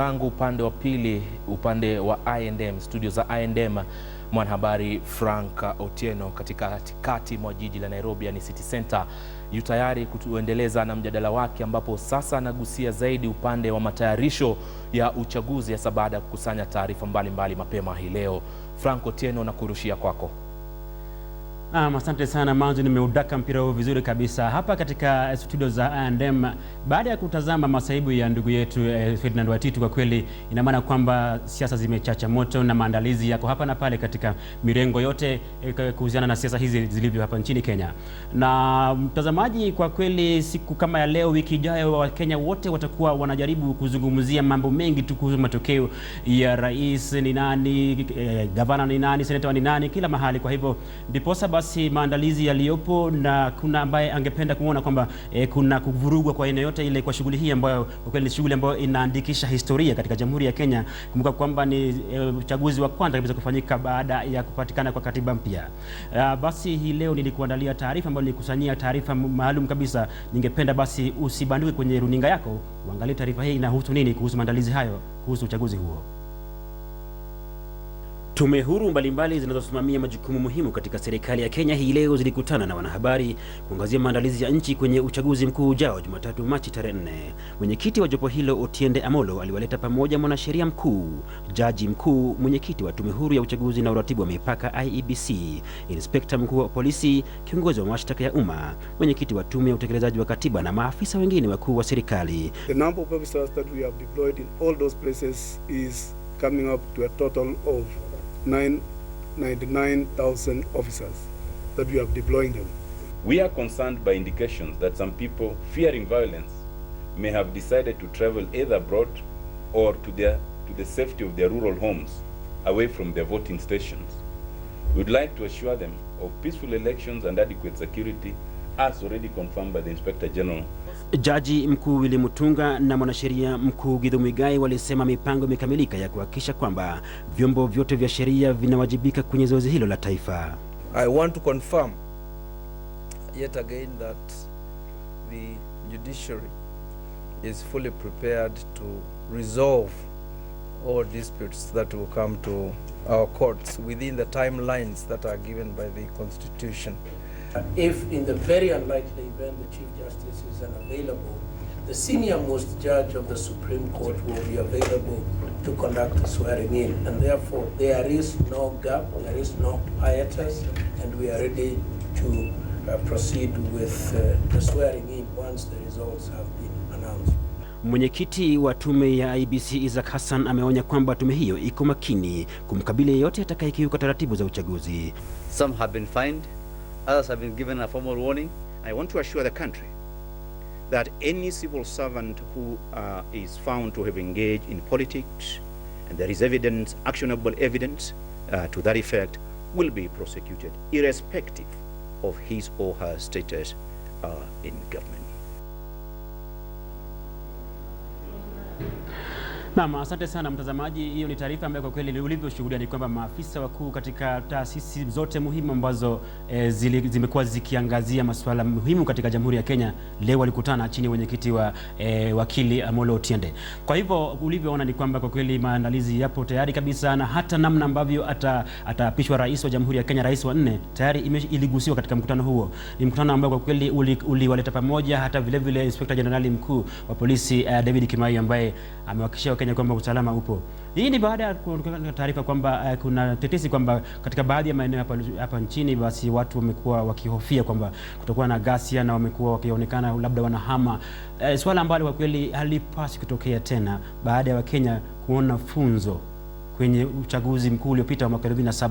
zangu upande wa pili, upande wa I&M, studio za I&M, mwanahabari Frank Otieno katika katikati mwa jiji la Nairobi, yani City Center, yu tayari kutuendeleza na mjadala wake, ambapo sasa anagusia zaidi upande wa matayarisho ya uchaguzi, hasa baada ya kukusanya taarifa mbalimbali mapema hii leo. Frank Otieno, nakurushia kwako kwako. Naam, asante sana Manzo, nimeudaka mpira huu vizuri kabisa hapa katika eh, studio za A&M. Baada ya kutazama masaibu ya ndugu yetu eh, Ferdinand Watitu, kwa kweli ina maana kwamba siasa zimechacha moto na maandalizi yako hapa na pale katika mirengo yote eh, kuhusiana na siasa hizi zilivyo hapa nchini Kenya. Na mtazamaji, kwa kweli siku kama ya leo, wiki ijayo, Wakenya wote watakuwa wanajaribu kuzungumzia mambo mengi tu kuhusu matokeo ya rais ni nani, eh, gavana ni nani, seneta ni nani, kila mahali. Kwa hivyo ndiposa basi maandalizi yaliyopo na kuna ambaye angependa kuona kwamba e, kuna kuvurugwa kwa aina yote ile kwa shughuli hii ambayo kwa kweli ni shughuli ambayo inaandikisha historia katika Jamhuri ya Kenya. Kumbuka kwamba ni e, uchaguzi wa kwanza kabisa kufanyika baada ya kupatikana kwa katiba mpya. Ah, basi hii leo nilikuandalia taarifa ambayo nilikusanyia taarifa maalum kabisa. Ningependa basi usibanduke kwenye runinga yako, uangalie taarifa hii inahusu nini, kuhusu maandalizi hayo, kuhusu uchaguzi huo. Tume huru mbalimbali zinazosimamia majukumu muhimu katika serikali ya Kenya hii leo zilikutana na wanahabari kuangazia maandalizi ya nchi kwenye uchaguzi mkuu ujao Jumatatu Machi tarehe 4. Mwenyekiti wa jopo hilo Otiende Amolo aliwaleta pamoja mwanasheria mkuu, jaji mkuu, mwenyekiti wa tume huru ya uchaguzi na uratibu wa mipaka IEBC, inspekta mkuu wa polisi, kiongozi wa mashtaka ya umma, mwenyekiti wa tume ya utekelezaji wa katiba na maafisa wengine wakuu wa serikali. The number of officers that we have deployed in all those places is coming up to a total of 99,000 officers that we are deploying them. We are concerned by indications that some people fearing violence may have decided to travel either abroad or to, their, to the safety of their rural homes away from their voting stations. We'd like to assure them of peaceful elections and adequate security as already confirmed by the Inspector General Jaji mkuu Willy Mutunga na mwanasheria mkuu Githu Muigai walisema mipango imekamilika ya kuhakikisha kwamba vyombo vyote vya sheria vinawajibika kwenye zoezi hilo la taifa. I want to confirm yet again that the judiciary is fully prepared to resolve all disputes that will come to our courts within the timelines that are given by the constitution. Uh, if in the very unlikely event the Chief Justice is unavailable, the senior most judge of the Supreme Court will be available to conduct the swearing in. And therefore, there is no gap, there is no hiatus, and we are ready to uh, proceed with uh, the swearing in once the results have been announced. Mwenyekiti wa tume ya IEBC Isaac Hassan ameonya kwamba tume hiyo iko makini kumkabili yeyote atakayekiuka taratibu za uchaguzi. Some have been fined. Others have been given a formal warning. I want to assure the country that any civil servant who uh, is found to have engaged in politics, and there is evidence, actionable evidence uh, to that effect, will be prosecuted, irrespective of his or her status uh, in government. Naam, asante sana mtazamaji. Hiyo ni taarifa ambayo kwa kweli ulivyoshuhudia ni kwamba maafisa wakuu katika taasisi zote muhimu ambazo e, zimekuwa zikiangazia masuala muhimu katika Jamhuri ya Kenya leo walikutana chini ya wenyekiti wa e, wakili Amolo Otiende. Kwa hivyo ulivyoona ni kwamba kwa kweli maandalizi yapo tayari kabisa na hata namna ambavyo ataapishwa rais wa Jamhuri ya Kenya, rais wa nne tayari iligusiwa katika mkutano huo. Ni mkutano ambao kwa kweli uliwaleta uli pamoja hata vile vile Inspector Jenerali mkuu wa polisi uh, David Kimai ambaye amewakishia Kenya kwamba usalama upo. Hii ni baada ya taarifa kwamba eh, kuna tetesi kwamba katika baadhi ya maeneo hapa nchini basi watu wamekuwa wakihofia kwamba kutokuwa na ghasia na wamekuwa wakionekana labda wanahama, e, eh, swala ambalo kwa kweli halipasi kutokea tena baada ya Wakenya kuona funzo kwenye uchaguzi mkuu uliopita wa mwaka 2007.